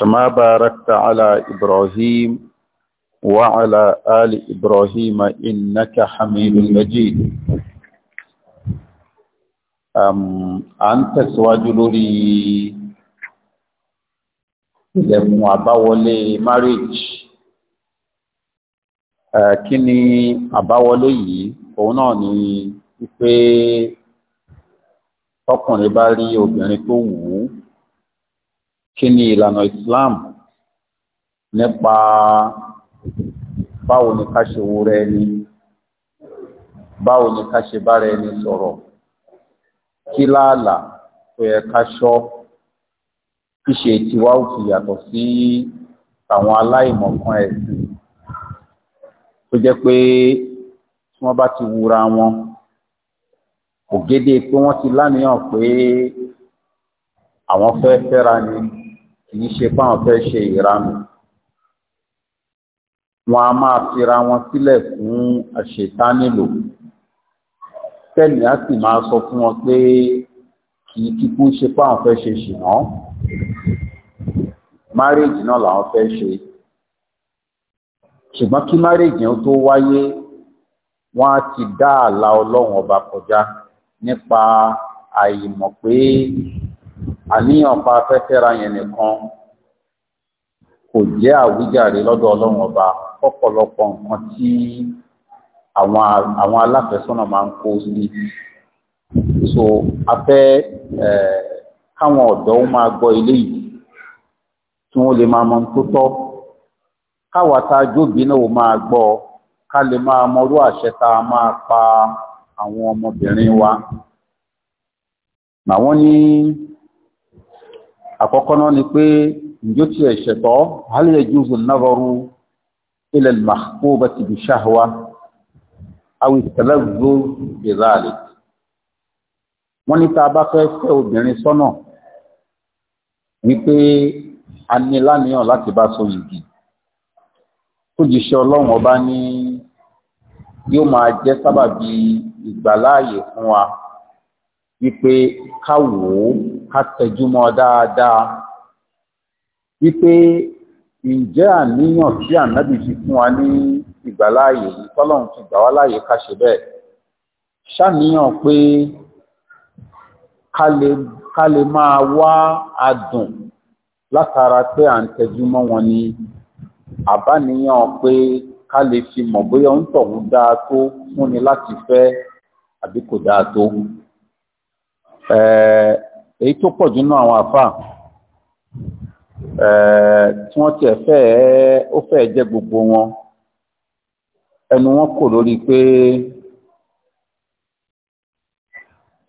كما باركت على إبراهيم وعلى آل إبراهيم إنك حميد مجيد أم أنت سواجلوري ilẹ̀kùn àbáwọlé marriage kí ni àbáwọlé yìí òun náà ni wípé tọkùnrin bá rí obìnrin tó wù ú kí ni ìlànà Islam nípa báwo ni ká ṣe wo rẹ ni báwo ni ká ṣe bára ẹni sọ̀rọ̀ kí láàlà tó yẹ ká ṣọ́ ṣíṣe tiwa ò fi yàtọ̀ sí àwọn aláìmọ̀kan ẹ̀sìn tó jẹ́ pé tí wọ́n bá ti wúra wọn ògede pé wọ́n ti láníyàn pé àwọn fẹ́ fẹ́ra ni kì í ṣe páwọn fẹ́ ṣe ìranù wọn a máa fira wọn sílẹ̀ fún àṣetánilò tẹ́lẹ̀ á sì máa sọ fún wọn pé kì í kíkú ṣe páwọn fẹ́ ṣe ṣìnà márèèjì náà làwọn fẹ́ ṣe ṣùgbọ́n kí márèèjì yẹn tó wáyé wọ́n á ti dá ààlà ọlọ́run ọba kọjá nípa àìmọ̀ pé àníyàn pa afẹ́fẹ́ra yẹn nìkan kò jẹ́ àwíjàre lọ́dọ̀ ọlọ́run ọba ọ̀pọ̀lọpọ̀ nǹkan tí àwọn aláfẹ́sọ́nà máa ń kó sí so afẹ́ káwọn ọ̀dọ́ máa gbọ́ ilé yìí tí wọ́n lè máa mọ tó tọ́ káwa tá a jóbi náà ó máa gbọ́ ká lè máa mọrú àṣẹ tá a máa pa àwọn ọmọbìnrin wa. Màwọn ní àkọ́kọ́ náà ni pé ǹjọ́ tí ẹ̀ ṣẹ̀tọ́ hal yajuzu an-nazaru ila al-mahbubati bi shahwa aw at-talazzu bi dhalik wọ́n ní tá a bá fẹ́ fẹ́ obìnrin sọ́nà wípé a ní láníyàn láti bá so yìgì kójìṣẹ́ ọlọ́run ọba ní yóò máa jẹ́ sábàbí ìgbàláàyè fún wa wípé ká wò ó ká tẹjúmọ́ dáadáa wípé ǹjẹ́ àníyàn tí ànábì fi fún wa ní ìgbàláàyè yìí tọ́lọ́run ti gbà wá láàyè ká ṣe bẹ́ẹ̀ ṣàníyàn pé ká lè máa wá adùn látara pé à ń tẹjúmọ́ wọn ni àbáníyàn pé ká lè fi mọ̀ bóyá ń tọ̀hún dáa tó fúnni láti fẹ́ àbí kò dáa tó èyí tó pọ̀ jù náà àwọn àfà tí wọ́n tiẹ̀ fẹ́ ó fẹ́ jẹ́ gbogbo wọn ẹnu wọn kò lórí pé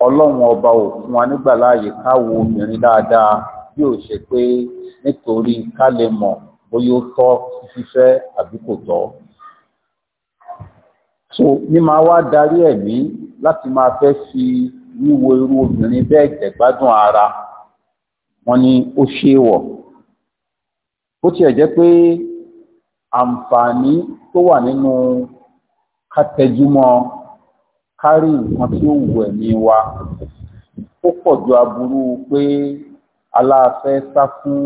ọlọ́run ọba ò fún wa nígbà láàyè ká wo obìnrin dáadáa bí ò ṣe pé nítorí ká lè mọ̀ bóyá ó tọ́ fífẹ́ àbí kò tọ́ so ní máa wá darí ẹ̀mí láti máa fẹ́ fi wíwo irú obìnrin bẹ́ẹ̀ jẹ̀gbádùn ara wọn ni ó ṣe wọ̀ bó tiẹ̀ jẹ́ pé àǹfààní tó wà nínú kátẹjúmọ́ kárí nǹkan tí ó wù ẹ̀mí wa ó pọ̀ ju aburú pé aláàfẹ́ sá fún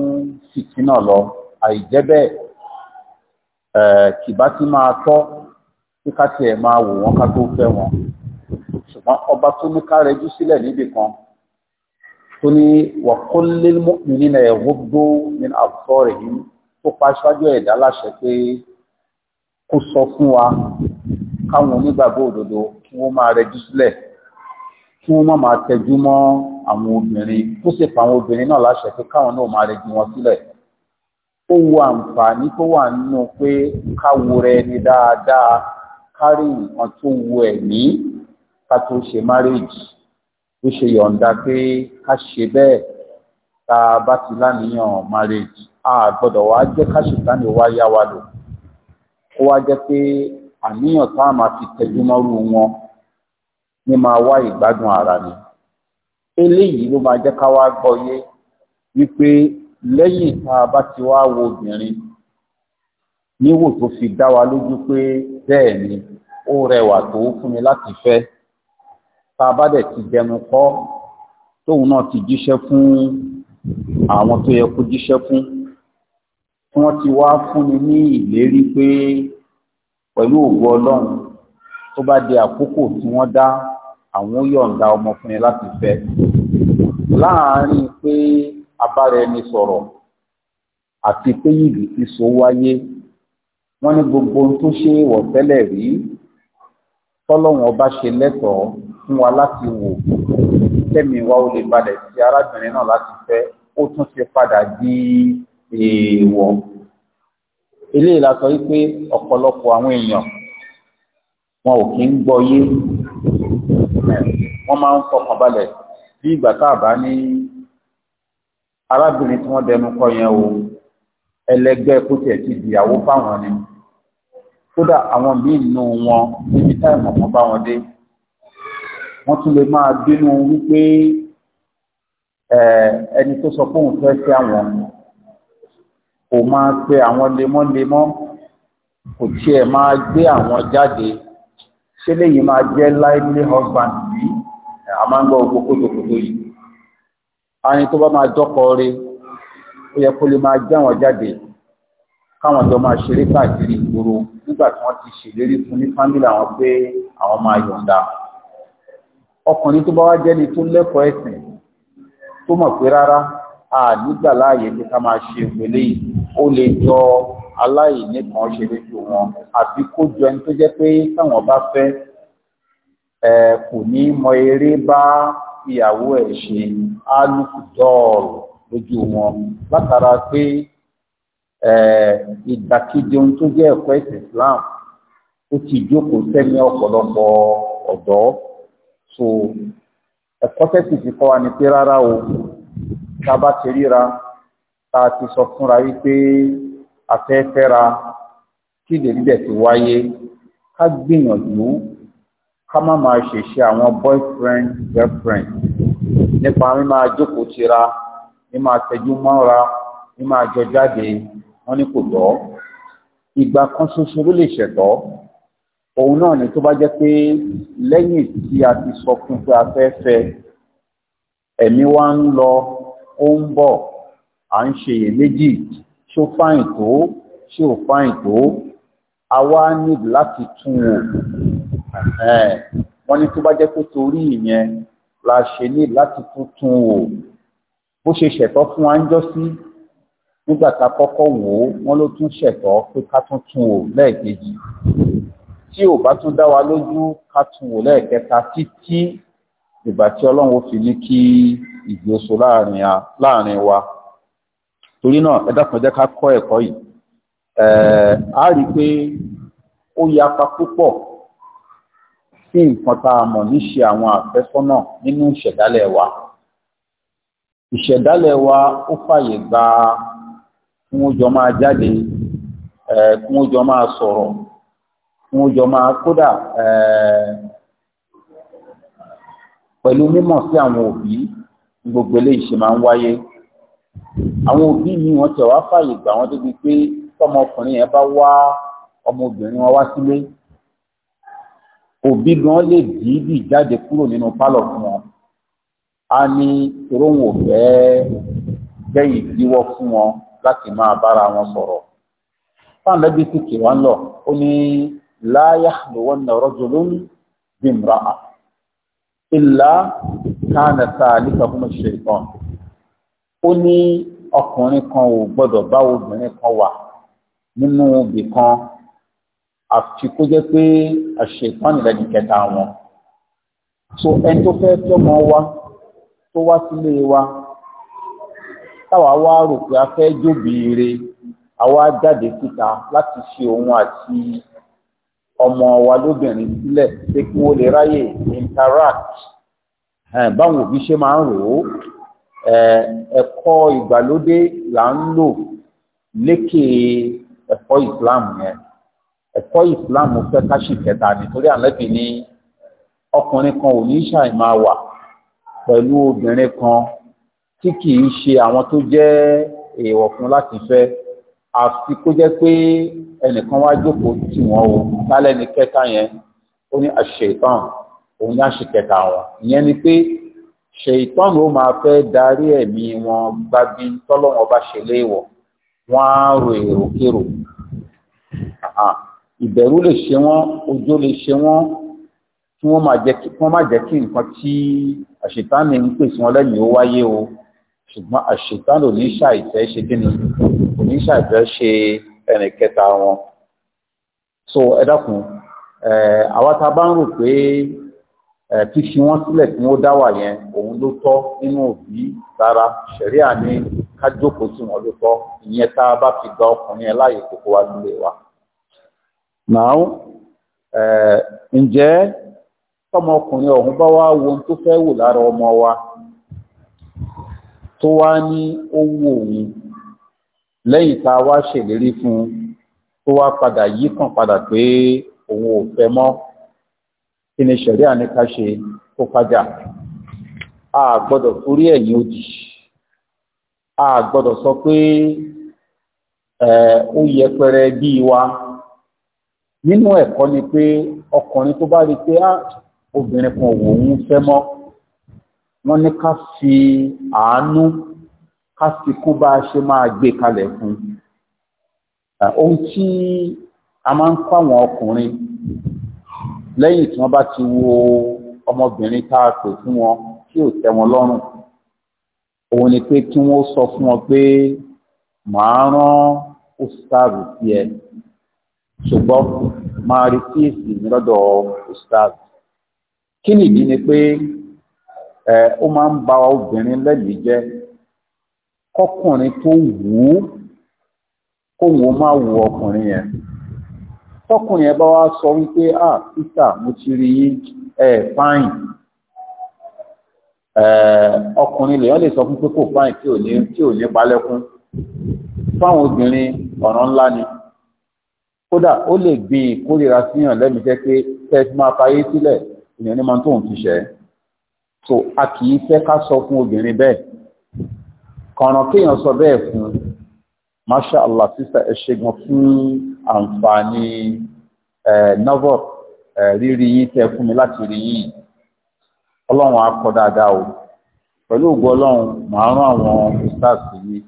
fìtínà lọ àìjẹ́ bẹ́ẹ̀ kìbá tí máa tọ́ kí ká tiẹ̀ máa wò wọ́n ká tó fẹ́ wọn ṣùgbọ́n ọba tó ní ká rẹjú sílẹ̀ níbì kan tó ní wa kullil mu'minina yaghuddu min absarihim tó pa aṣáájú ẹ̀dá láṣẹ pé kó sọ fún wa káwọn onígbàgbọ́ òdodo kí wọ́n máa rẹjú sílẹ̀ kí wọ́n má máa tẹjú mọ́ àwọn obìnrin tó sì pa àwọn obìnrin náà láṣẹ pé káwọn náà máa rẹjú wọn sílẹ̀ ó wo àǹfààní tó wà nínú pé káwo rẹ ni dáadáa kárí nǹkan tó wo ẹ̀mí ká tó ṣe márèèjì tó ṣe yọ̀ǹda pé ká ṣe bẹ́ẹ̀ tá a bá ti láníyàn márèèjì a gbọ́dọ̀ wá jẹ́ ká ṣètánì wá yá wa lò ó wá jẹ́ pé àníyàn tá a máa fi tẹjúmọ́rú wọn ní máa wá ìgbádùn ara ni eléyìí ló máa jẹ́ ká wá gbọ́yé wípé lẹ́yìn tá a bá ti wá wo obìnrin níwò tó fi dá wa lójú pé bẹ́ẹ̀ ni ó rẹwà tó fún mi láti fẹ́ tá a bá dẹ̀ ti dẹnu kọ́ tóun náà ti jíṣẹ́ fún àwọn tó yẹ kó jíṣẹ́ fún tí wọ́n ti wá fúnni ní ìlérí pé pẹ̀lú ògo ọlọ́run tó bá di àkókò tí wọ́n dá àwọn yọ̀ǹda ọmọkùnrin láti fẹ́ láàárín pé abára ẹni sọ̀rọ̀ àti pé yìí ti so wáyé wọ́n ní gbogbo ohun tó ṣe wọ̀ tẹ́lẹ̀ rí tọ́lọ́run ọba ṣe lẹ́tọ̀ọ́ fún wa láti wò tẹ́mi wa ó lè balẹ̀ sí arábìnrin náà láti fẹ́ ó tún ti padà di èèwọ̀ eléyìí la sọ wípé ọ̀pọ̀lọpọ̀ àwọn èèyàn wọn ò kí ń gbọ́ yé wọ́n máa ń fọkàn balẹ̀ bí ìgbà tá a bá ní arábìnrin tí wọ́n dẹnu kọ yẹn o ẹlẹgbẹ́ kó tiẹ̀ ti dìyàwó fáwọn ni kódà àwọn míì nù wọn níbi táìmù kan bá wọn dé wọ́n tún lè máa bínú wípé ẹni tó sọ pé òun fẹ́ sí àwọn kò máa pe àwọn lemọ́lemọ́ kò tiẹ̀ máa gbé àwọn jáde ṣé léyìí máa jẹ́ lively husband yìí a máa ń gbọ́ gbogbo kótókótó yìí àní tó bá máa jọ́kọ̀ rí ó yẹ kó lè máa jẹ́ àwọn jáde káwọn jọ máa ṣeré káàkiri ìgboro nígbà tí wọ́n ti ṣèlérí fún ní fámìlì àwọn pé àwọn máa yọ̀ǹda ọkùnrin tó bá wá jẹ́ni tó lẹ́kọ̀ọ́ ẹ̀sìn tó mọ̀ pé rárá a nígbà láàyè pé ká máa ṣe ìpele yìí ó lè jọ aláìní kan ṣe lójú wọn àbí kó jọ ẹni tó jẹ́ pé táwọn bá fẹ́ ẹ kò ní mọ eré bá ìyàwó ẹ̀ ṣe alùpùdọ́ọ̀rù lójú wọn látara pé ìdàkejì ohun tó jẹ́ ẹ̀kọ́ ẹ̀sìn Islam ó ti jókòó sẹ́ni ọ̀pọ̀lọpọ̀ ọ̀dọ́ so ẹ̀kọ́ tẹ́sì ti kọ́ wa ni pé rárá o tá a bá ti ríra tá a ti sọ fúnra wípé afẹ́fẹ́ra kí lè bẹ̀ ti wáyé ká gbìyànjú ká má máa ṣèṣe àwọn boyfriend girlfriend nípa mi máa jókòó tira mi máa tẹjú mọ́ra mi máa jọ jáde wọ́n ní kò tọ́ ìgbà kan ṣoṣo ló lè ṣẹ̀tọ́ òun náà ni tó bá jẹ́ pé lẹ́yìn tí a ti sọ fún pé a fẹ́ fẹ́ ẹ̀mí wa ń lọ ó ń bọ̀ à ń ṣe iyèméjì ṣó fáìn tó ṣé ò fáìn tó a wá níbi láti tún wò wọ́n ní tó bá jẹ́ pé torí ìyẹn la ṣe ní láti tún tún wò bó ṣe ṣẹ̀tọ́ fún wa ń jọ́ sí nígbà tá a kọ́kọ́ wò ó wọ́n ló tún ṣẹ̀tọ́ pé ká tún tún wò lẹ́ẹ̀kejì tí ò bá tún dá wa lójú ká tún wò lẹ́ẹ̀kẹta títí ìgbà tí ọlọ́run fi ní kí ìgbì oṣù láàrin wa torí náà ẹ dákun jẹ́ ká kọ́ ẹ̀kọ́ yìí a rí i pé ó yapa púpọ̀ sí nǹkan tá a mọ̀ ní ṣe àwọn àfẹ́sọ́nà nínú ìṣẹ̀dálẹ̀ wa ìṣẹ̀dálẹ̀ wa ó fàyè gba kí wọ́n jọ máa jáde kí wọ́n jọ máa sọ̀rọ̀ wọn jọ máa kódà pẹ̀lú mímọ̀ sí àwọn òbí gbogbo eléyìí ṣe máa ń wáyé àwọn òbí mi wọn tẹ̀ wá fàyè gbà wọ́n débi pé tọmọkùnrin yẹn bá wá ọmọbìnrin wọn wá sílé òbí gan lè dìídì jáde kúrò nínú fún wọn a ní toróhùn òfẹ́ bẹ́yìn ìdíwọ́ fún wọn láti máa bára wọn sì kì la yahluwanna rajulun bimra'a illa kana thalikahuma shaytan ó ní ọkùnrin kan ò gbọ́dọ̀ bá obìnrin kan wà nínú ibì kan àfi kó jẹ́ pé àṣetán ìlẹ́ni kẹta wọn so ẹni tó fẹ́ tọ́mọ wa tó wá sílé wa táwa wá rò pé a fẹ́ jóbìí re àwa jáde síta láti ṣe òun àti ọmọ wa lóbìnrin sílẹ̀ pé kí wọ́n lè ráyè interact báwọn òbí ṣe máa ń rò ó ẹ̀kọ́ ìgbàlódé là ń lò lékè ẹ̀kọ́ Islam yẹn ẹ̀kọ́ Islam fẹ́ káṣì kẹta nítorí àlẹ́bí ni ọkùnrin kan ò ní ṣàì máa wà pẹ̀lú obìnrin kan tí kì í ṣe àwọn tó jẹ́ èèwọ̀ fún láti fẹ́ àfi kó jẹ́ pé ẹnìkan wá jókòó tì wọ́n o lálẹ́ ní kẹta yẹn ó ní àṣetán òun ní àṣekẹta wọn ìyẹn ni pé ṣètán ló máa fẹ́ darí ẹ̀mí wọn gbábí tọ́lọ́wọ́n bá ṣe léèwọ̀ wọ́n á ro èròkérò ìbẹ̀rù lè ṣe wọ́n ojú lè ṣe wọ́n kí wọ́n má jẹ́ kí nǹkan tí àṣetán ní ń pèsè wọn lẹ́yìn ó wáyé o ṣùgbọ́n àṣetán oníṣà ìfẹ́ ṣe kí ni oníṣà ìfẹ́ ṣe ẹnì kẹta wọn so ẹ dákun ẹ àwa tá a bá ń rò pé ẹ fífi wọn sílẹ̀ tí wọ́n dá wà yẹn òun ló tọ́ nínú òbí rárá ṣẹ̀ríà ní ká tí wọ́n ló tọ́ ìyẹn tá a bá fi gba ọkùnrin yẹn láàyè kókó wa nílé wa. now ǹjẹ́ tọmọkùnrin ọ̀hún bá wá wo ohun tó fẹ́ wò lára ọmọ wa tó wá ní owó òun lẹ́yìn tá a wá ṣèlérí fún un tó wá padà yí kàn padà pé òun ò fẹ́ mọ́ kí ni ṣẹ̀rí àníká ṣe kó padà a gbọ́dọ̀ forí ẹ̀yìn òdì a gbọ́dọ̀ sọ pé ó yẹpẹrẹ bíi wa nínú ẹ̀kọ́ ni pé ọkùnrin tó bá rí pé ah, obìnrin kan òun fẹ́ mọ́ wọ́n ní ká fi àánú ká fi kó bá a ṣe máa gbé kalẹ̀ fún ohun tí a máa ń kọ́ àwọn ọkùnrin lẹ́yìn tí wọ́n bá ti wo ọmọbìnrin tá a pè fún wọn tí ò tẹ́ wọn lọ́rùn òun ni pé kí wọ́n sọ fún wọn pé màá rán ustaz sí ẹ ṣùgbọ́n máa rí kíyèsí ní lọ́dọ̀ ustaz kí nìdí ni pé ẹ ó máa ń ba obìnrin lẹ́mìí jẹ́ kọkùnrin tó wù ú kóhùn ó máa wù ọkùnrin yẹn tọkùnrin yẹn bá wá sọ wípé à títà mo ti rí ẹ fáìn ọkùnrin lèèyàn lè sọ fún pé kò fáìn tí ò ní tí ò ní palẹ́kún fáwọn obìnrin ọ̀ràn ńlá ni kódà ó lè gbin ìkórira síyàn lẹ́mìí jẹ́ pé tẹ́tí máa fayé sílẹ̀ ìyẹn ní máa tóun ti ṣẹ́ so a kì í fẹ́ ká sọ fún obìnrin bẹ́ẹ̀ kọ̀ọ̀ràn kéèyàn sọ bẹ́ẹ̀ fún masha allah sista ẹ̀ṣẹ̀gun fún àǹfààní novel rírí yín tẹ fún mi láti rí yín ọlọ́run á kọ́ dáadáa o pẹ̀lú ògbó ọlọ́run màá rán àwọn ustaz yìí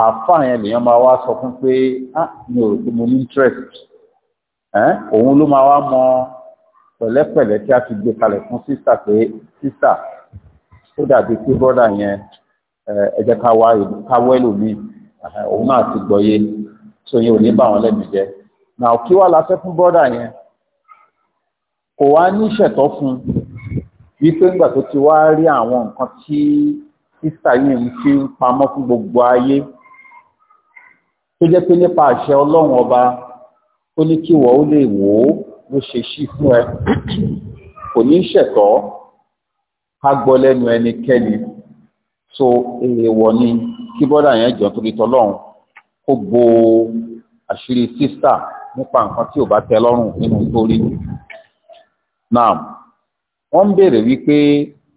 àáfàá yẹn lèèyàn máa wá sọ fún pé ah mi ò rò pé mo ní interest òun ló máa wá mọ pẹ̀lẹ́pẹ̀lẹ́ tí a ti gbé kalẹ̀ fún sísà pé sísà ó dàbí pé bọ́dà yẹn ẹ káwọ́ ẹlòmíì òun náà ti gbọ́yé so yẹn ò ní bà wọ́n lẹ́bi jẹ́ náà kí wàá la fẹ́ fún bọ́dà yẹn kò wá ní ìṣẹ̀tọ́ fún wípé ńgbà tó ti wá rí àwọn nǹkan tí sísà yìí ń fi pamọ́ fún gbogbo ayé tó jẹ́ pé nípa àṣẹ ọlọ́run ọba ó ní kí wọ́n ó lè wò ó ló ṣe ṣí fún ẹ kò ní ṣẹ̀tọ́ ká gbọ́ lẹ́nu ẹnikẹ́ni so èèwọ̀ ni kí bọ́dà yẹn jọ torí tọlọ́run kó bo àṣírí sísà nípa nǹkan tí ò bá tẹ́ lọ́rùn nínú torí náà wọ́n ń béèrè wípé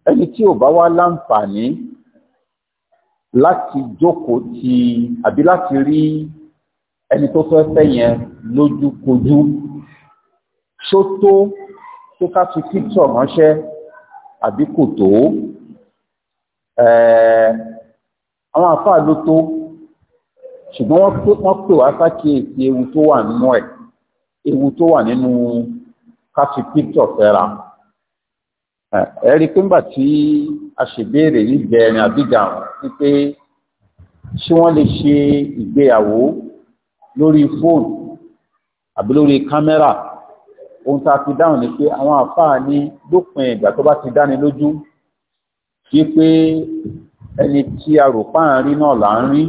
ẹni tí ò bá wá láǹfààní láti jókòó ti àbí láti rí ẹni tó fẹ́ fẹ́ yẹn lójúkojú ṣótó tó ká fi píktọ̀ ránṣẹ́ àbí kò tó àwọn àfáà ló tó ṣùgbọ́n wọ́n pè wá sákèèsí ewu tó wà nínú ẹ̀ ewu tó wà nínú ká fi píktọ̀ fẹ́ra ẹ rí i pé ńgbà tí a ṣèbéèrè yìí bẹ̀rẹ̀ àbíjà wípé ṣé wọ́n lè ṣe ìgbéyàwó lórí fóònù àbí lórí kámẹ́rà ohun tá a fi dáhùn ni pé àwọn àfáà ní lópin ìgbà tó bá ti dáni lójú kí pé ẹni tí a rò páà ń rí náà là ń rí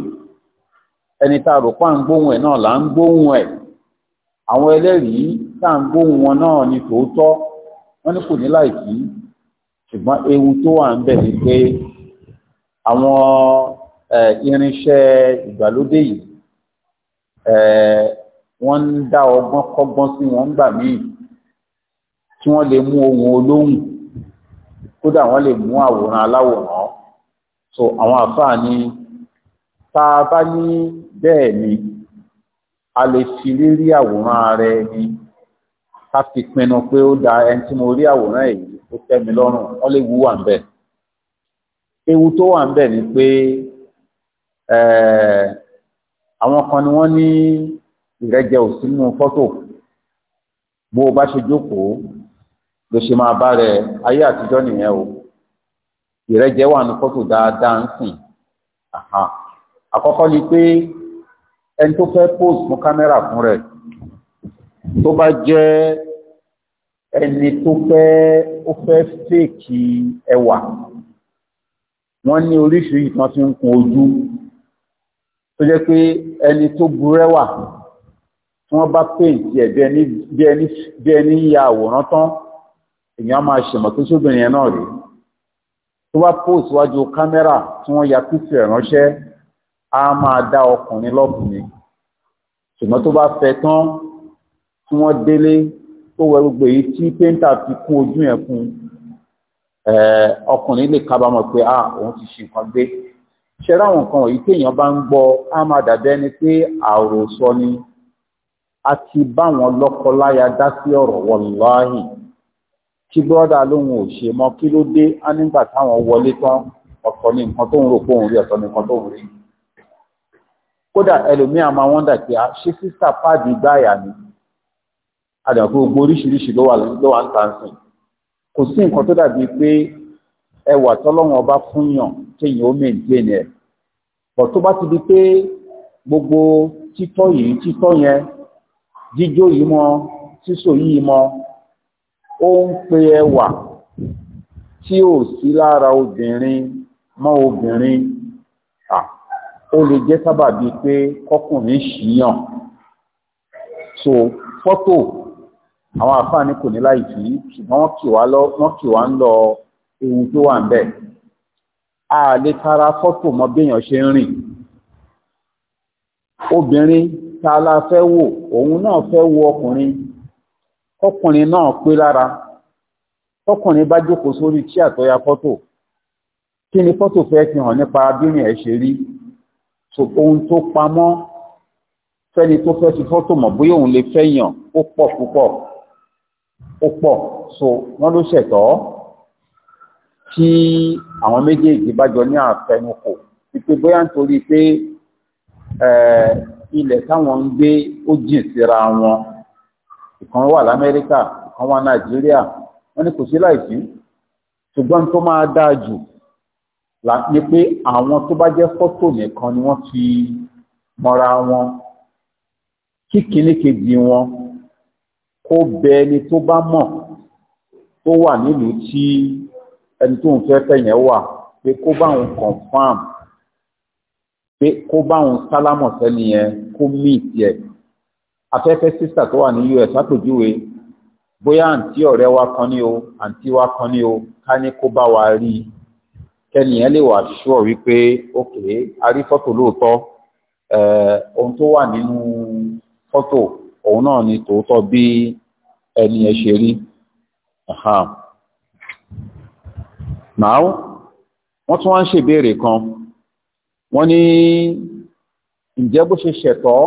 ẹni tá a rò páà ń gbóhùn ẹ̀ náà là ń gbóhùn ẹ̀ àwọn ẹlẹ́rìí tá à ń gbóhùn wọn náà ni tòótọ́ wọ́n ní kò ní láìsí ṣùgbọ́n ewu tó wà ń bẹ̀ ni pé àwọn irinṣẹ́ ìgbàlódé yìí wọ́n ń dá ọgbọ́n kọ́gbọ́n sí wọn gbà míì tí wọ́n lè mú ohun olóhùn kódà wọ́n lè mú àwòrán aláwòrán so àwọn àfáà ni tá a bá ní bẹ́ẹ̀ ni a lè fi rírí àwòrán ara ẹni ká fi pinnu pé ó da ẹni tí mo rí àwòrán èyí ó tẹ́ mi lọ́rùn wọ́n lè wú wà ń bẹ̀ ewu tó wà ń bẹ̀ ni pé eh, àwọn kan ni wọ́n ní ìrẹ́jẹ òsínú fọ́tò bó o bá ṣe jókòó ló ṣe máa bá rẹ ayé àtijọ́ nìyẹn o ìrẹ́jẹ wà ní fọ́tò dáadáa ń sìn àkọ́kọ́ ni pé ẹni tó fẹ́ post fún kámẹ́rà fún rẹ̀ tó bá jẹ́ ẹni tó fẹ́ ó fẹ́ fèkì ẹwà wọ́n ní oríṣiríṣi tán fi ń kun ojú tó jẹ́ pé ẹni tó burẹ́wà tí wọ́n bá pèǹtì ẹ̀ bí ẹni ya àwòrán tán èèyàn máa ṣèmọ̀ tó sóbìnrin yẹn náà rí tó bá pò síwájú kámẹ́rà tí wọ́n ya pífì ẹ̀ ránṣẹ́ á máa dá ọkùnrin lọ́bùn ni ṣùgbọ́n tó bá fẹ́ tán tí wọ́n délé tó wẹ gbogbo èyí tí péńtà fi kún ojú yẹn fún ọkùnrin lè kábàámọ̀ pé a ah, òun ti ṣe nǹkan gbé ṣẹ́rá àwọn nǹkan wọ̀nyí téèyàn bá ń gbọ́ á máa dàbẹ́ ni pé àròsọ ni a ti bá wọn lọ́kọ dá sí ọ̀rọ̀ wọ̀láhìn tí bọ́dà lóhun ò ṣe mọ́ kí ló dé á nígbà táwọn wọlé tán ọ̀tọ̀ ní nǹkan tó ń rò pé òun rí ọ̀tọ̀ ní nǹkan tó ń rí kódà ẹlòmíà máa wọ́n dà pé a ṣe sísà páàdì gbáyà ni àdàpọ̀ gbogbo oríṣiríṣi ló wà lọ́wọ́ ń tàn sìn kò sí nǹkan tó dàbí pé ẹwà tọ́lọ́wọ́n ọba fún yàn kéèyàn ó maintain ẹ̀ bọ̀ tó bá ti di pé gbogbo títọ́ yìí títọ́ yẹn jíjó yìí mọ sísọ yìí mọ ó ń pe ẹwà tí ò sí lára obìnrin mọ́ obìnrin ó lè jẹ́ sábàbí pé kọkùnrin ṣìyàn so fọ́tò àwọn àfáàní kò ní láì fi ṣùgbọ́n wọ́n kì wá lọ wọ́n kì wá ń lọ ewu tó wà ń bẹ̀ a lè tara fọ́tò mọ béèyàn ṣe ń rìn obìnrin ta la fẹ́ wò òun náà fẹ́ wo ọkùnrin tọkùnrin náà pé lára tọkùnrin bá jókòó sórí tí àtọ́yà fọ́tò kí ni fọ́tò fẹ́ fi hàn nípa bírin ẹ̀ ṣe rí ohun tó pamọ́ fẹ́ni tó fẹ́ fi fọ́tò mọ̀ bóyá òun lè fẹ́yàn ó pọ̀ púpọ̀ ó pọ̀ so wọ́n ló ṣẹ̀tọ́ tí àwọn méjèèjì bá jọ ní àfẹnukò wípé bóyá nítorí pé ilẹ̀ táwọn ń gbé ó jìn síra wọn ìkan wà lamẹ́ríkà ìkan wà nàìjíríà wọ́n ní kò sí láìsí ṣùgbọ́n tó máa dáa jù ni pé àwọn tó bá jẹ́ fọ́tò nìkan ni wọ́n fi mọ́ra wọn kí kíní kejì wọn kó bẹ ẹni tó bá mọ̀ tó wà nílùú tí ẹni tó ń fẹ́ fẹ̀yẹ̀ wà pé kó bá òun confam pé kó bá òun sálámọ̀ sẹ́ni yẹn kó mí ìtì afẹ́fẹ́ sísà tó wà ní us àpèjúwe bóyá àǹtí ọ̀rẹ́ wa kan ní o àǹtí wa kan ní o ká ní kó bá wa rí i kẹ́nìyàn lè wà ṣúọ̀ wípé òkè a rí fọ́tò lóòótọ́ eh, ohun tó wà nínú fọ́tò òun náà ni tòótọ́ bí ẹni ẹ ṣe rí màá wọ́n tún wá ń ṣèbéèrè kan wọ́n ní ǹjẹ́ bó ṣe ṣẹ̀tọ́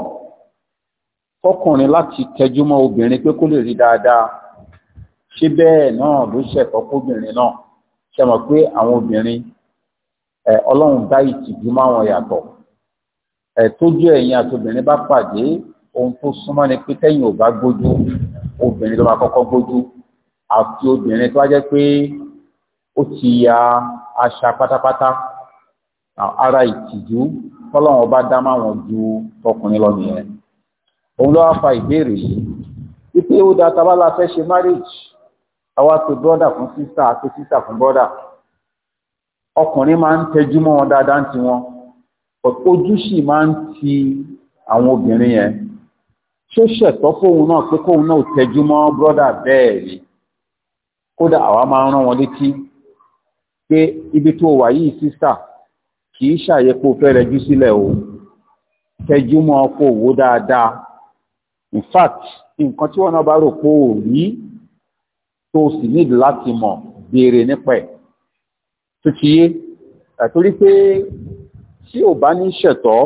fọ́kùnrin láti tẹjúmọ́ obìnrin pé kó lè rí dáadáa ṣé bẹ́ẹ̀ náà ló ṣẹ̀kọ́ kóbìnrin náà ṣe mọ̀ pé àwọn obìnrin ọlọ́run dá ìtìjú máwọn yàtọ̀ tójú ẹ̀yin àtobìnrin bá pàdé ohun tó súnmọ́ ni pé tẹ́yìn ò bá gbójú obìnrin ló máa kọ́kọ́ gbójú àti obìnrin tó wá jẹ́ pé ó ti ya àṣà pátápátá ara ìtìjú tọ́lọ́run ọba dá máwọn ju tọkùnrin lọ nìyẹn. òun ló wá fa ìbéèrè yìí wípé ó da tábà la fẹ́ ṣe marriage àwa pe brother fún sister àti sister fún brother ọkùnrin máa ń tẹjú mọ́ wọn ti wọn ojú sì máa ń ti àwọn obìnrin yẹn ṣó ṣẹ̀tọ́ fóun náà pé kóun náà tẹjú mọ́ broda bẹ́ẹ̀ ni kódà àwa máa ń rán wọn létí pé ibi tó wà yìí sister kì í ṣàyẹ̀pọ̀ fẹ́rẹ̀ jù sílẹ̀ o tẹjú mọ́ ọkọ̀ òwò dáadáa in fact nǹkan tí wọ́n náà bá rò pé ò rí tó o sì nílò láti mọ̀ béèrè nípa ẹ̀ tó ti yé àtorí pé tí ò bá ní ṣẹ̀tọ́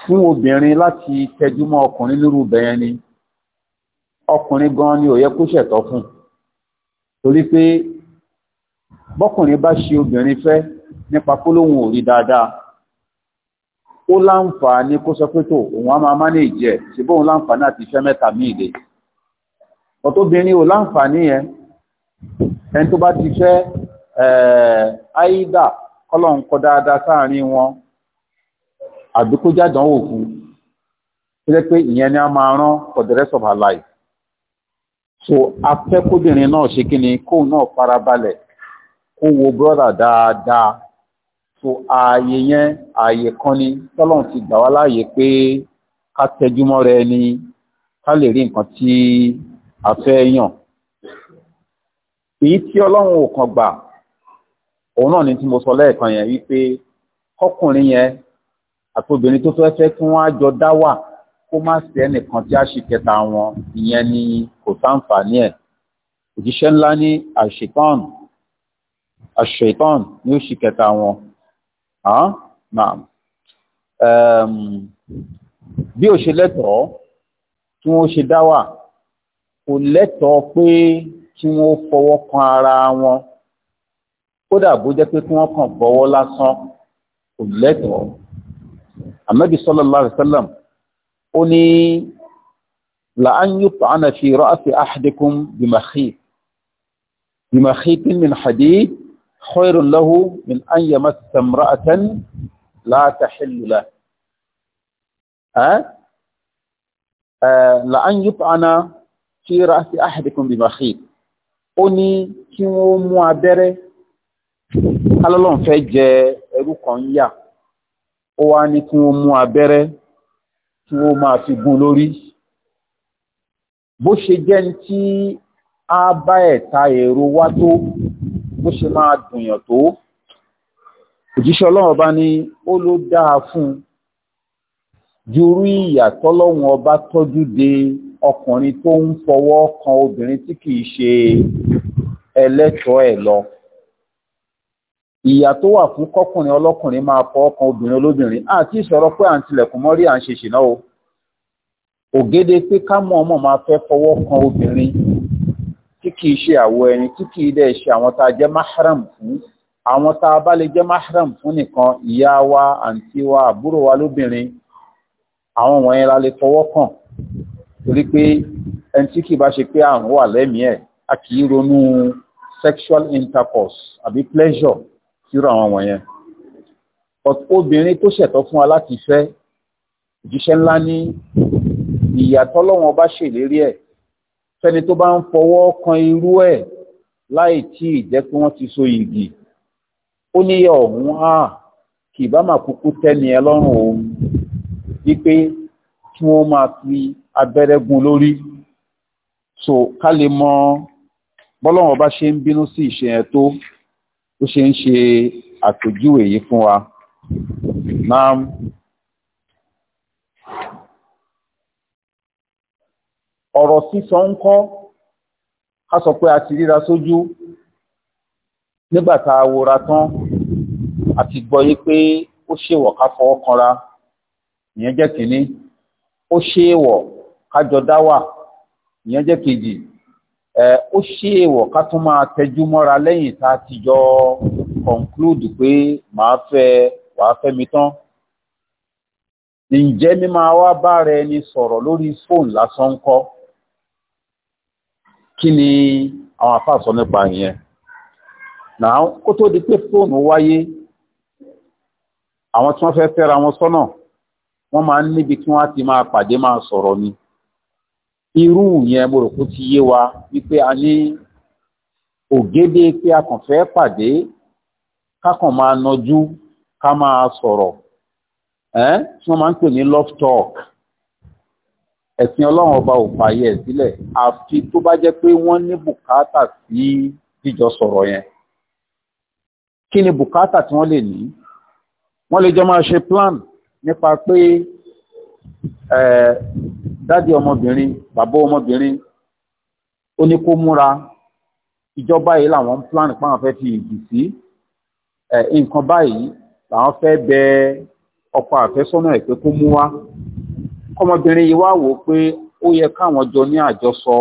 fún obìnrin láti tẹjúmọ́ ọkùnrin lóru bẹ́ẹ̀ ni ọkùnrin gan ni ò yẹ kó ṣẹ̀tọ́ fún torí pé bọ́kùnrin bá ṣe obìnrin fẹ́ nípa kó lóhun ò rí dáadáa ó láǹfààní kó sọ pé tó òun á máa manage ẹ̀ ṣùgbọ́n òun láǹfààní ti iṣẹ́ mẹ́ta míì lè ọ̀tọ́bìnrin ò láǹfààní yẹn ẹni tó bá ti fẹ́ àìdá eh, kọ́lọ̀n kọ dáadáa sáàrin wọn àbí kó fún tó jẹ́ pé ìyẹn ni a máa rán for the rest of her life so afẹ́kóbìnrin náà ṣe so ààyè yẹn ààyè kan ni tọ́lọ́run ti gbà wá láàyè pé ká tẹjúmọ́ rẹ ni ká lè rí nǹkan tí a fẹ́ yàn èyí tí ọlọ́run ò kàn gbà òun náà ni tí mo sọ lẹ́ẹ̀kan yẹn wípé kọkùnrin yẹn àti obìnrin tó fẹ́ fẹ́ kí wọ́n á jọ dá wà kó má sí ẹnìkan tí a ṣe kẹta wọn ìyẹn ni kò sáǹfààní ẹ̀ òjíṣẹ́ ńlá ní àṣetán àṣetán ní ó kẹta wọn hàn náà bí ó ṣe lẹ́tọ̀ọ́ tí wọ́n ṣe dáwà kò lẹ́tọ̀ọ́ pé kí wọ́n fọwọ́ kan ara wọn kódà bó jẹ́ pé kí wọ́n kàn bọ́wọ́ lásán kò lẹ́tọ̀ọ́ ànábì sallallahu alaihi wasallam ó ní la an yut'ana fi ra'si ahadikum bimakhitin min hadid khairun lahu min an yamassa imra'atan la tahillu lahu ها أه؟ لأن يطعن في رأس أحدكم بمخيط ó ní kí wọ́n mú abẹ́rẹ́ alọ́lọ́run fẹ́ jẹ ẹrú kan yà ó wá ní kí wọ́n mú abẹ́rẹ́ kí wọ́n máa fi gún lórí bó ṣe jẹ́ ní tí a bá ẹ̀ta èrò wá tó bó ṣe máa dùnyàn tó òjíṣẹ́ ọlọ́run ọba ní ó ló dáa fún un ju orí ìyà tọ́lọ́run ọba tọ́jú de ọkùnrin tó ń fọwọ́ kan obìnrin tí kìí ṣe ẹlẹ́tọ̀ọ́ ẹ̀ lọ ìyà tó wà fún kọkùnrin ọlọ́kùnrin máa fọwọ́ kan obìnrin olóbìnrin àti ìṣòro pé à ń tilẹ̀kùn mọ́rí à ń ṣe ṣìná ògede pé ká mọ̀ ọmọ máa fẹ́ fọwọ́ kan obìnrin kìí ṣe àwọ ẹni tí kìí dẹ̀ ṣe àwọn tá a jẹ́ mahram fún àwọn tá a bá lè jẹ́ mahram fún nìkan ìyá wa àǹtí wa àbúrò wa lóbìnrin àwọn wọ̀nyẹn la lè fọwọ́ kàn torí pé ẹni tí kìí bá ṣe pé àrùn wà lẹ́mìí ẹ̀ a kìí ronú sexual intercourse àbí pleasure sírò àwọn wọ̀nyẹn obìnrin tó ṣẹ̀tọ́ fún wa láti fẹ́ òjíṣẹ́ ńlá ní ìyàtọ̀ lọ́wọ́n bá ṣèlérí ẹ̀ fẹ́ni tó bá ń fọwọ́ kan irú ẹ̀ láì tí ì jẹ́ pé wọ́n ti so yìgì ó níyà ọ̀hún á kì bá mà kúkú tẹ́ni ẹ lọ́rùn o wípé kí wọ́n máa fi abẹ́rẹ́ gún lórí so ká lè mọ bọ́lọ́wọ́n bá ṣe ń bínú sí ìṣe yẹn tó ó ṣe ń ṣe àpèjúwe yìí fún wa. Naam. ọ̀rọ̀ sísọ ń kọ́ a sọ pé a ti ríra sójú nígbàtà tá tán gbọ́ yí pé ó ṣèwọ̀ ká fọwọ́ kanra ìyẹn jẹ́ kínní ó ṣèwọ̀ ká jọ ìyẹn jẹ́ kejì ẹ ó ṣèwọ̀ ká tún máa tẹjú mọ́ra lẹ́yìn tá a ti jọ conclude kí ni àwọn sọ nípa ìyẹn na kó tó di pé fóònù wáyé àwọn tí wọ́n fẹ́ fẹ́ra wọn sọ́nà wọ́n máa ń níbi tí ti máa pàdé máa sọ̀rọ̀ ni irú yẹn mo ti yé wa wípé a ní ògédé pé a kàn fẹ́ pàdé ká máa nájú ẹ̀sìn ọlọ́run ọba ò fààyè ẹ̀ sílẹ̀ àfi tó bá jẹ́ pé wọ́n ní bùkátà sí jíjọ sọ̀rọ̀ yẹn kí ni bùkátà tí wọ́n lè ní wọ́n lè jọ máa ṣe plan nípa pé dádì ọmọbìnrin bàbá ọmọbìnrin ó ní kó múra ìjọba yìí làwọn ń plan pé àwọn fẹ́ fi ìdì sí nǹkan báyìí làwọn fẹ́ bẹ ọkọ àfẹ́sọ́nà ẹ̀ pé kó mú wá kọmọbìnrin yìí wá wò pé ó yẹ káwọn jọ ní àjọsọ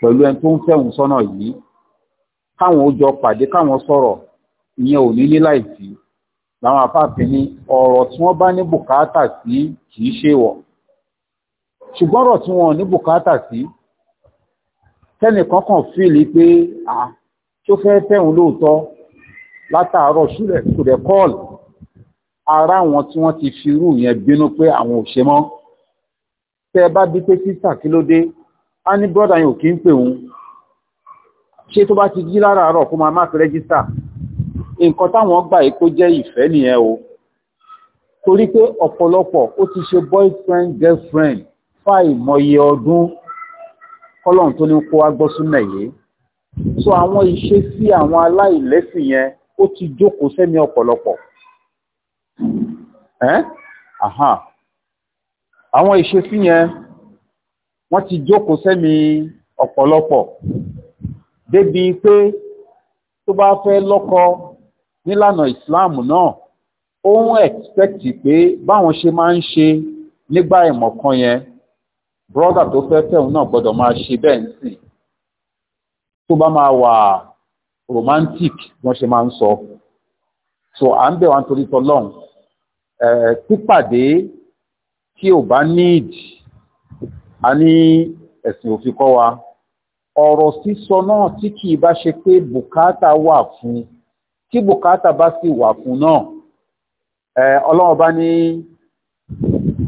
pẹ̀lú ẹni tó ń fẹ̀hùn sọ́nà yìí káwọn ó jọ pàdé káwọn sọ̀rọ̀ ìyẹn ò ní ní láìsí làwọn afáàfin ní ọ̀rọ̀ tí wọ́n bá ní bùkátà sí kì í ṣe wọ̀ ṣùgbọ́n ọ̀rọ̀ tí wọ́n ní bùkátà sí tẹ́nìkan kàn fíìlì pé à tó fẹ́ fẹ̀hùn lóòótọ́ látàárọ̀ ṣúlẹ̀ kò kọ́ọ̀lù ara àwọn tí wọ́n ti fi irú yẹn bínú pé àwọn ò ṣe mọ́ tẹ́ ẹ bá bí pé sísà kí ló dé á ní brọ́dà yẹn ò kí ń pè òun ṣé tó bá ti jí láràárọ̀ kó máa má fi rẹ́gísítà nǹkan táwọn gbà yìí kó jẹ́ ìfẹ́ nìyẹn o torí pé ọ̀pọ̀lọpọ̀ ó ti ṣe boyfriend girlfriend fáìmọye ọdún kọ́lọ́n tó ní kó wá gbọ́ súnmọ̀ yìí so àwọn ìṣesí àwọn aláìlẹ́sìn yẹn ó ti jókòó sẹ́mi ọ̀pọ̀lọpọ̀ ẹ́n àhà àwọn ìṣesí yẹn wọ́n ti jókòó sẹ́mi ọ̀pọ̀lọpọ̀ débi pé tó bá fẹ́ lọ́kọ nílànà ìsìláàmù náà ó ń ẹ̀kspẹ́kìtì pé báwọn ṣe máa ń ṣe nígbà ìmọ̀kan yẹn brọ́dà tó fẹ́ fẹ́hùn náà gbọ́dọ̀ máa ṣe bẹ́ẹ̀ nsìn tó bá máa wà romantic wọ́n ṣe máa ń sọ so à ń bẹ̀ wá nítorí tọ́lọ́hùn pípàdé tí ò bá níìdì a ní ẹ̀sìn òfin kọ́ wa ọ̀rọ̀ sísọ náà tí kì í bá ṣe pé bùkátà wà fún tí bùkátà bá sì wà fún náà ọlọ́run bá ní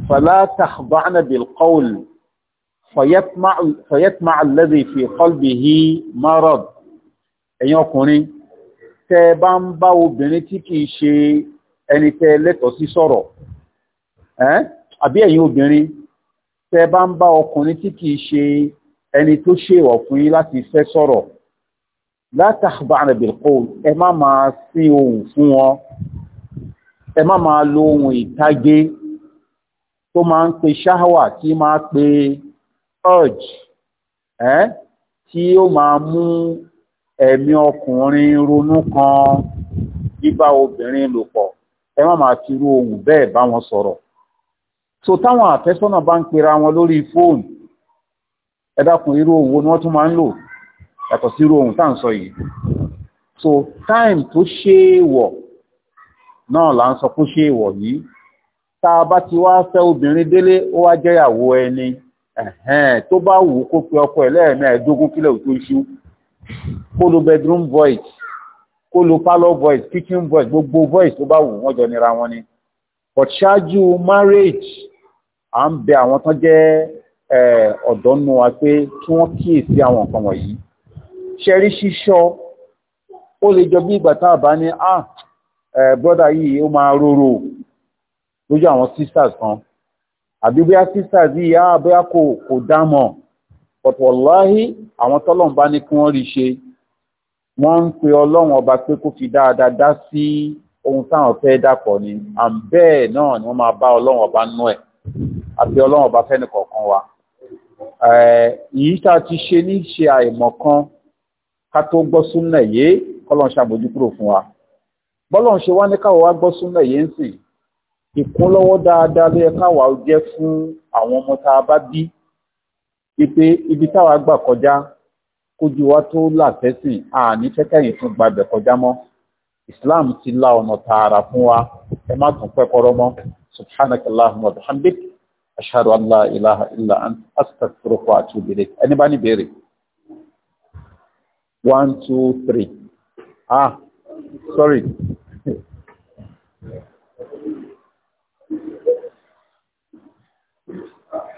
fala takhba'na bil qawl fayatma alladhi fi qalbihi marad ẹ̀yin ọkùnrin tẹ́ bá ń bá obìnrin tí kì í ṣe ẹni tẹ lẹ́tọ̀ọ́ sí sọ̀rọ̀ àbí ẹ̀yin obìnrin tẹ bá ń bá ọkùnrin tí kìí ṣe ẹni tó ṣèwọ̀ fún yín láti fẹ́ sọ̀rọ̀ látàbàrẹ̀ bìkọ́ ẹ má máa sí ohùn fún wọn ẹ má máa lo ohun ìtagé tó máa ń pe ṣáhàwà tí máa pe urge tí ó máa mú ẹ̀mí ọkùnrin ronú kan bíbá obìnrin lò pọ̀ ẹ má máa fi irú ohùn bẹ́ẹ̀ bá wọn sọ̀rọ̀ so táwọn àfẹ́sọ́nà bá ń pera wọn lórí fóònù ẹ dákun irú ohùn wo ni wọ́n tún máa ń lò yàtọ̀ sọ yìí so time tó ṣe é wọ̀ náà là ń sọ pé ṣe é wọ̀ yìí tá a bá ti wá fẹ́ obìnrin délé ó wá jẹ́yàwó ẹni tó bá wù ú kó pe ọkọ bedroom voice kó lo parlour voice kitchen voice gbogbo voice tó bá wù wọ́n jọ nira wọn ni but ṣáájú marriage à ń bẹ àwọn tán jẹ́ ọ̀dọ́ nù wa pé kí wọ́n kíyèsí àwọn nǹkan wọ̀nyí ṣẹ́rí ṣíṣọ́ ó lè jọ bí ìgbà tá a bá ní ah broda yìí ó máa rorò lójú àwọn sisters kan àbí bóyá sisters yìí ah bóyá kò kò dámọ̀ but wàláhì àwọn tọ́lọ̀ ń bá ní kí wọ́n rí ṣe wọ́n ń pe ọlọ́run ọba pé kó fi dáadáa dá sí ohun táwọn fẹ́ dàpọ̀ ni àbẹ́ẹ̀ náà ni wọ́n máa bá ọlọ́run ọba nú ẹ̀ àti ọlọ́run ọba fẹ́ni kọ̀ọ̀kan wa èyí tá a ti ṣe ní ṣe àìmọ̀kan ká tó gbọ́ súnmọ̀ yé kọ́lọ́n ṣàbójú kúrò fún wa bọ́lọ́n ṣe wá ní káwọ́ wá gbọ́ súnmọ̀ yé ń sìn ìkúnlọ́wọ́ dáadáa ló yẹ káwa jẹ́ fún àwọn ọmọ tá a bá bí wípé ibi táwa gbà kọjá kójú wa tó làtẹ́sì àní kẹ́kẹ́yìn tún gbàgbẹ́ kọjá mọ́ islam ti la ọ̀nà tààrà fún wa ẹ má tún pẹ́ kọ́rọ́ mọ́ subhanakallahumma wa bihamdik ashhadu an ilaha illa an astaghfiruka wa atubu ilayk ẹni bá ní béèrè one two three ah sorry.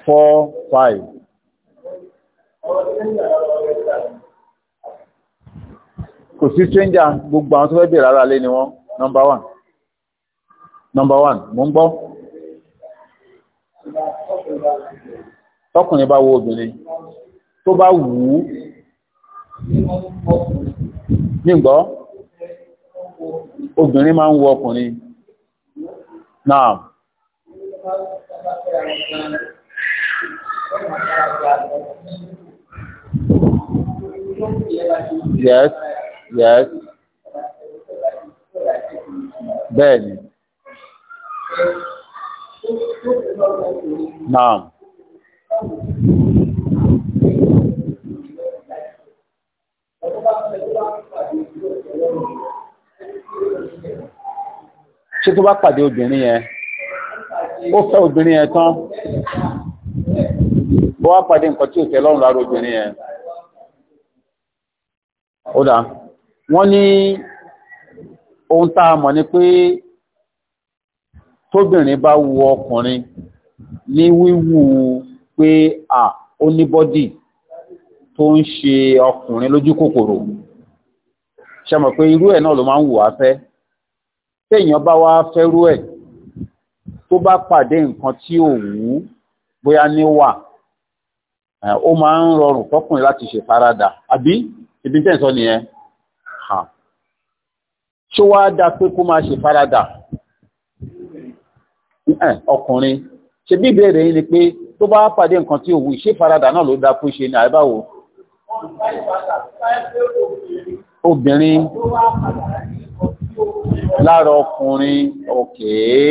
four five kò sí stranger gbogbo àwọn tó fẹ́ bèèrè ara lé ni wọ́n number one number one mo ń gbọ́ tọkùnrin bá wo obìnrin tó bá wù ú ní gbọ́ obìnrin máa ń wo ọkùnrin náà Thank you. Yes. Yes. Bẹ́ẹ̀ni. Naam. Ṣé tó bá pàdé obìnrin yẹn? Ó fẹ́ obìnrin yẹn tán. Bó wá pàdé nǹkan tí ò tẹ́ lọ́rùn lára obìnrin yẹn. ó dá wọ́n ní ohun tá a mọ̀ ni pé tóbìnrin bá wu ọkùnrin ní wíwù pé à ó ní bọ́dì tó ń ṣe ọkùnrin lójú kòkòrò ṣe mọ̀ pé irú ẹ̀ náà ló máa ń wù á fẹ́ téèyàn bá wá fẹ́rú ẹ̀ tó bá pàdé nǹkan tí ò wù bóyá níwà ó máa ń rọrùn fọkùnrin láti ṣèfaradà àbí ibi tẹ́ ń sọ nìyẹn ha ṣó wá da pé kó máa ṣe farada ọkùnrin ṣe bí ìbéèrè yìí ni pé tó bá pàdé nǹkan tí òwú ṣé farada náà ló da kó ṣe ní àbáwò obìnrin lára ọkùnrin okay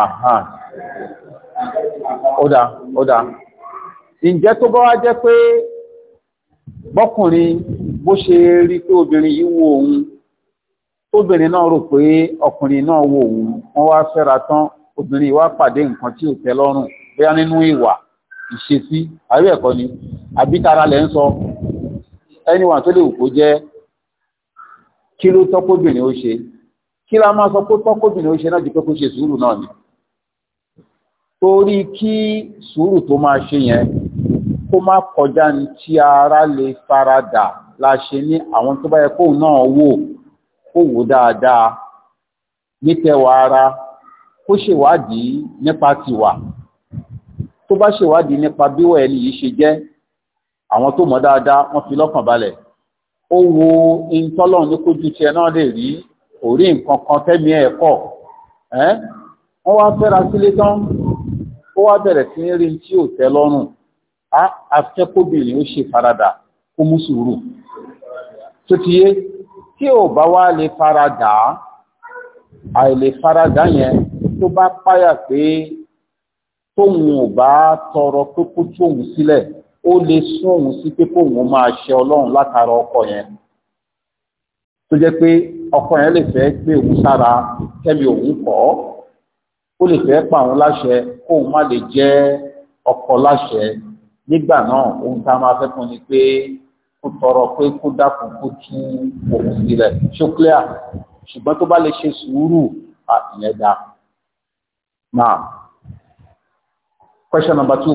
aha ó dá ó dá ǹjẹ́ tó bá wá jẹ́ pé bọ́kùnrin bó ṣe rí pé obìnrin yìí wo òun tóbìnrin náà rò pé ọkùnrin náà wo òun wọ́n wá fẹ́ra tán obìnrin wá pàdé nǹkan tí ò tẹ́ lọ́rùn bóyá nínú ìwà ìṣesí ni àbí tara lẹ̀ ń sọ ẹniwà tó lè wù kó jẹ́ kí ló tọ́kóbìnrin ó ṣe kí la máa sọ pé tọ́kóbìnrin ó ṣe náà ju pé kó ṣe sùúrù náà ni torí kó má kọjá ní tí ara lè faradà la ṣe ní àwọn tó bá yẹ kóun náà wò kó wò dáadáa nítẹ̀wọ̀ ara kó ṣèwádìí nípa tiwa tó bá ṣèwádìí nípa bíwọ̀ ẹni yìí ṣe jẹ́ àwọn tó mọ̀ dáadáa wọ́n fi lọ́kàn balẹ̀ ó wo intọ́lọ̀ ní kójú tiẹ̀ náà lè rí orí nǹkan kan tẹ́mi ẹ̀ kọ̀ wọ́n wá fẹ́ra sílé tán ó wá bẹ̀rẹ̀ sí ní rí tí ò tẹ́ lọ́rùn afẹ́kóbìnrin ó ṣe farada kó mú sùúrù tó ti yé tí ò bá wá lè farada àìlè farada yẹn tó bá páyà pé tóun ò bá tọrọ pé kó tóun sílẹ̀ ó lè sún òun sí pé kóun máa ṣe ọlọ́run látara ọkọ yẹn tó jẹ́ pé ọkọ yẹn lè fẹ́ gbé òun sára kẹ́mi òun kọ́ ó lè fẹ́ pa òun láṣẹ kóun má lè jẹ́ ọkọ láṣẹ nígbà náà ohun tá a máa fẹ́ fún ni pé kó tọrọ pé kó dákun kó tú òun sílẹ̀ ṣókíà ṣùgbọ́n tó bá lè ṣe sùúrù ìyẹn dá. Now, question number two.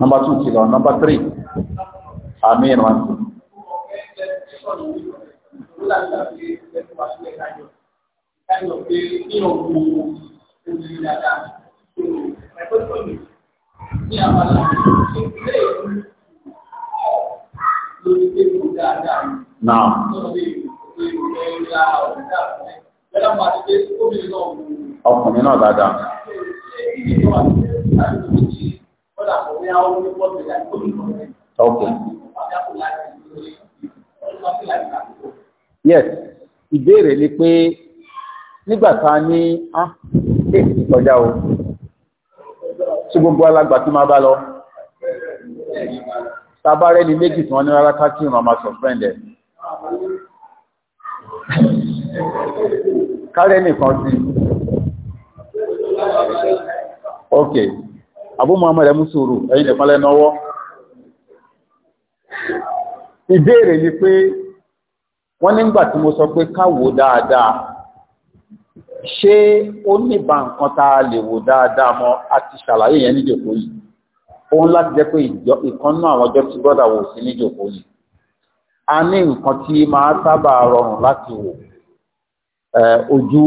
Number two ti lọ, number three. Àmì ìrìn àti. Thank you. ẹ̀kọ́ Ọkùnrin náà dáadáa. Yes, ìbéèrè ni pé nígbà tá a ní ah, o. tí gbogbo alágbà tí máa bá lọ tàbárẹ́ ni méjì tí wọ́n ní rárá káàkiri wọn máa sọ̀fẹ́ndẹ̀ kárẹ́ nìkan sí ok Abu Muhammad ẹmú sòrò ẹ̀yìn nìkan lẹ́nàwọ́ ìbéèrè ni pé wọ́n nígbà tí mo sọ pé káwò dáadáa ṣé ó níbà nǹkan tá a lè wò dáadáa mọ́ a ti ṣàlàyé yẹn níjòkó yìí òun láti jẹ́ pé ìkan náà àwọn ọjọ́ tí gbọ́dọ̀ wò sí níjòkó yìí a ní nǹkan tí máa sábà rọrùn láti wò ojú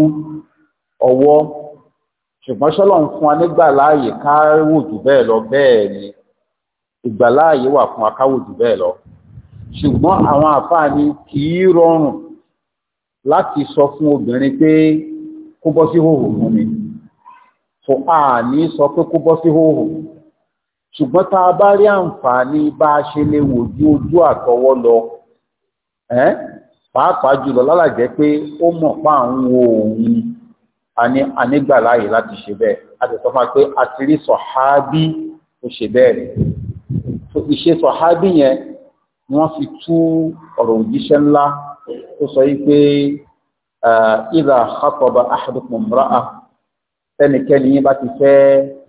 ọwọ́ ṣùgbọ́n ṣọ́lọ́run fún wa nígbà láàyè káwò jù bẹ́ẹ̀ lọ bẹ́ẹ̀ ni ìgbà láàyè wà fún wa káwò jù bẹ́ẹ̀ lọ ṣùgbọ́n àwọn àfáà ni kì í rọrùn láti sọ fún obìnrin pé kó bọ́ sí hòhò fún mi so a ní sọ pé kó bọ́ sí hòhò ṣùgbọ́n tá a bá rí àǹfààní bá a ṣe lè wò ju ojú àtọwọ́ lọ pàápàá jùlọ lálàjẹ́ pé ó mọ̀ pa àwọn òun àní ànígbàláyè láti ṣe bẹ́ẹ̀ a ti sọ fún pé a ti rí sọ̀háábí tó ṣe bẹ́ẹ̀ rẹ̀ so ìṣe sọ̀háábí yẹn ni wọ́n fi tú ọ̀rọ̀ òjíṣẹ́ ńlá tó sọ yìí pé ìdá àkọ́kọ̀bà àṣàdùkùn mìíràn ẹnikẹ́ni yín bá ti fẹ́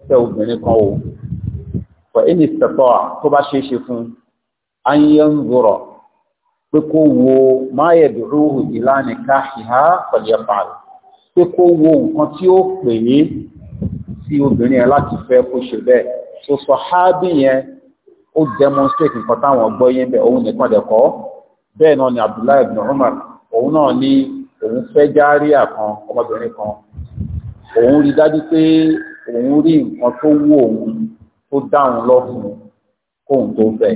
fẹ́ obìnrin kan o wà ẹni tẹ̀tọ́ tó bá ṣe é ṣe fún ayé ń zọrọ̀ pé kó wo máyẹ̀ dùrúhù ìlànà káàkiri pẹ̀lú ẹ̀fà rẹ̀ pé kó wo nǹkan tí ó pè é sí obìnrin yẹn láti fẹ́ kó ṣe bẹ́ẹ̀ tó sọ hábì yẹn ó demonstrate nǹkan táwọn gbọ́ yẹn bẹ́ẹ̀ òun nìkan dẹ̀kọ́ bẹ́ẹ̀ náà ni Abdullahi ibn Umar òun náà ni òun fẹ́ járíà kan ọmọbìnrin kan òun rí dájú pé òun rí nǹkan tó wú òun tó dáhùn lọ́fun kóun tó fẹ́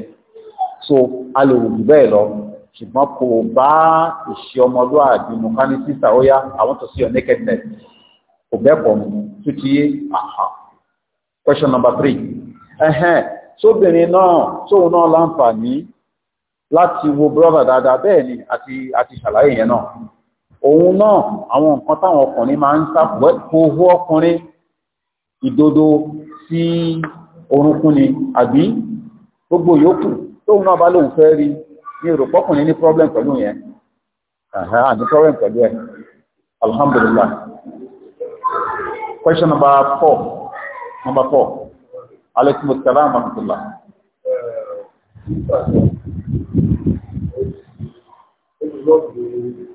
so a lè wù bẹ́ẹ̀ lọ ṣùgbọ́n kò bá ìṣe ọmọlúwàbí mu ká ní sísà ó yá I want to see your nakedness kò bẹ́ẹ̀ pọ̀ mu tó ti yé àhà question number three ẹ̀hẹ́n sóbìnrin náà sóun náà láǹfààní láti wo brother dáadáa bẹ́ẹ̀ ni àti àti ṣàlàyé yẹn náà òun náà àwọn nǹkan táwọn ọkùnrin máa ń sáfùwẹ́ fòhó ọkùnrin ìdodo sí orúnkún ni àbí gbogbo yòókù tóun náà bá lóun fẹ́ rí ní èrò pọ́kùnrin ní problem pẹ̀lú yẹn àní problem pẹ̀lú ẹ̀ alhamdulillah question number four number four alaikum salam rahmatullah Thank you.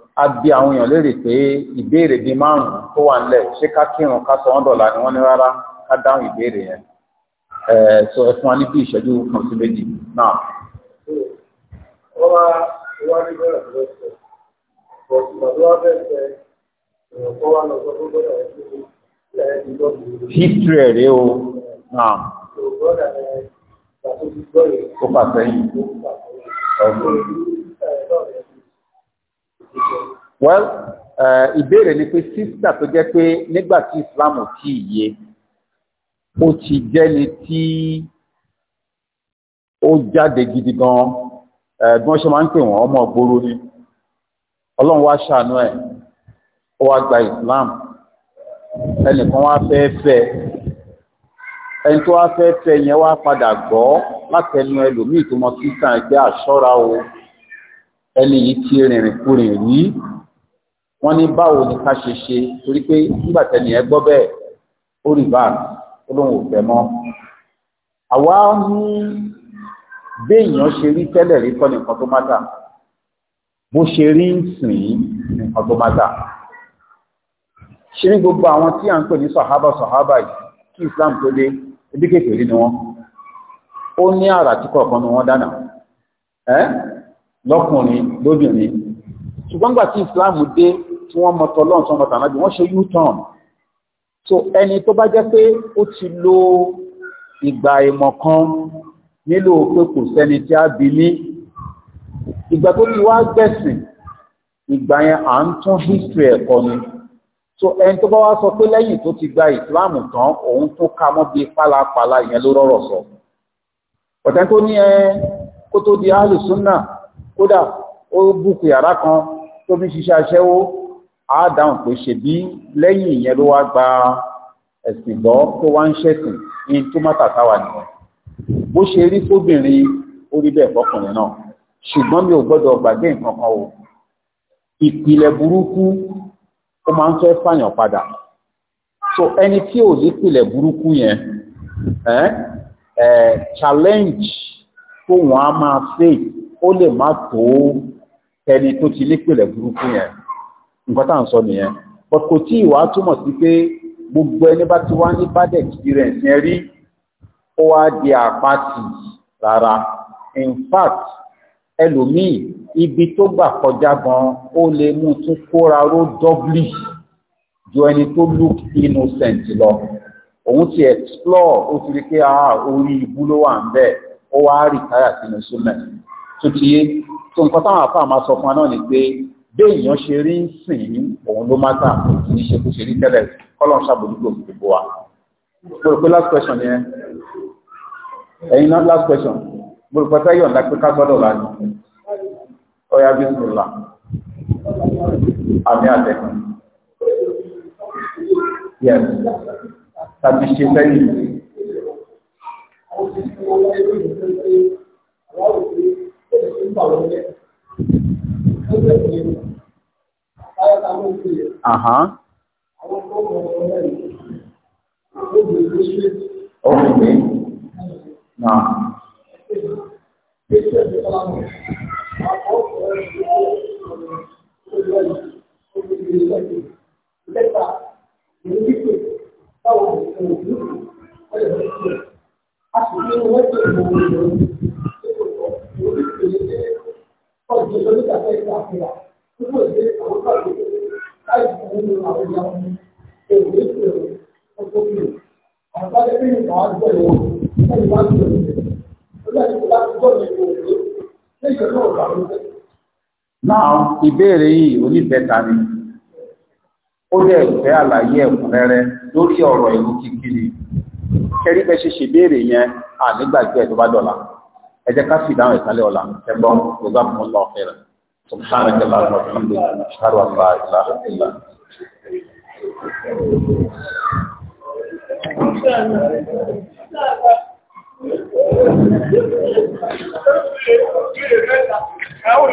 a bí àwọn èèyàn lérè pé ìbéèrè bíi márùn-ún tó wà nílẹ̀ ṣé ká kírun ká sọ wọ́n dọ̀la ni wọ́n ní rárá ká dáhùn ìbéèrè yẹn sọ ẹ fún wa ní bí ìṣẹ́jú kan sí méjì náà. wọ́n wá history ẹ̀ rèé o náà. ó pàṣẹ yìí. well eh, ìbéèrè ni pé sísà tó jẹ́ pé nígbà tí Islam ò tí ì yé ó ti jẹ́ni tí ó jáde gidi gan eh, bí wọ́n ṣe máa ń pè wọ́n ọmọ ògbóró ni ọlọ́run wá ṣàánú ẹ̀ ó wá gba Islam ẹnìkan wá fẹ́ fẹ́ ẹni tó wá fẹ́ fẹ́ yẹn wá padà gbọ́ látẹnu ẹlòmíì tó mọ sísà ẹgbẹ́ àṣọ́ra o. ẹni yìí ti rìnrìn kúrìn rí wọ́n ní báwo ni ká ṣe ṣe torí pé nígbà ẹ gbọ́ bẹ́ẹ̀ ó rí bá ó lóun ò fẹ́ mọ́ àwa ní béèyàn ṣe rí tẹ́lẹ̀ rí kọ́ nìkan tó má dà bó ṣe rí ń sìn nìkan tó má ṣe ní gbogbo àwọn tí à ń pè ní sàhábà sàhábà yìí kí Islam tó dé ebi kékeré ni wọ́n ó ní àrà tí kọ̀ọ̀kan ni wọ́n dáná ẹ́ lọ́kùnrin lóbìnrin ṣùgbọ́n gbà tí Islam dé tí wọ́n mọ tọ́lọ́n sọmọ tànábì wọ́n ṣe u-turn so ẹni tó bá jẹ́ pé ó ti lo ìgbà ìmọ̀ kan nílò pé kò sẹ́ni tí a bí ní ìgbà tó ti wá gbẹ̀sìn ìgbà yẹn à ń tún history ẹ̀kọ́ ni so ẹni tó bá wá sọ pé lẹ́yìn tó ti gba Islam tán òun tó ka mọ́ bíi pálapàla ìyẹn ló rọ̀rọ̀ sọ ọ̀tẹ́ tó ní ẹ kó tó di alùsùn náà kódà ó búkú yàrá kan tó fi ṣiṣẹ́ aṣẹ́wó á dáhùn pé ṣèbí lẹ́yìn ìyẹn ló wá gba ẹ̀sìn gbọ́ tó wá ń ṣẹ̀sìn ní tómátà táwa nìyẹn bó ṣe rí fóbìnrin ó bẹ́ẹ̀ fọkùnrin náà ṣùgbọ́n mi ò gbọ́dọ̀ gbàgbé nǹkan kan o ìpìlẹ̀ burúkú ó máa ń fẹ́ fàyàn padà so ẹni tí ò ní ìpìlẹ̀ burúkú yẹn ẹ challenge tó wọ́n á máa face ó lè má tó ẹni tó ti nípìnlẹ̀ burúkú yẹn nǹkan tá à ń sọ nìyẹn but kò tí ìwà túmọ̀ sí pé gbogbo ẹni bá ti wá ní bad experience yẹn rí ó wá di àpáàtì rárá in fact ẹlòmíì ibi tó gbà kọjá gan ó lè mú tún kóra ró dọ́blì ju ẹni tó look innocent lọ òun ti explore ó ti rí pé ah, orí ibú ló wà ń bẹ̀ ó wá rìtáyà sínú súnmẹ̀ tó ti yé tó nǹkan táwọn àfáà máa sọ fún wa náà ni pé béèyàn ṣe rí ń sìn ní òun ló máa tà kì í ṣe kó ṣe rí tẹ́lẹ̀ kọ́lọ́n ṣàbòjúgbò gbogbo wa. mo rò pé last question yẹn ẹ̀yin náà last question mo rò pé fẹ́ yọ̀ǹda pé ká gbọ́dọ̀ rà ní ọ̀yà bísímìlà àmì àtẹ̀kùn. yes tàbí ṣe sẹ́yìn nígbà Thank you. ìbéèrè yìí onífẹta ni ó dẹ̀ ìfẹ́ àlàyé ẹ̀kúnrẹ́rẹ́ lórí ọ̀rọ̀ ìlú kíkiri kẹrí bẹ́ ṣe ṣe béèrè yẹn ànígbàgbé ẹ̀ tó bá dọ̀la ẹ jẹ́ ká sì dáhùn ìsàlẹ̀ ọ̀la ẹgbọ́n gbogbo àpamọ́ lọ fẹ́rẹ̀ سبحانك اللهم Àwọn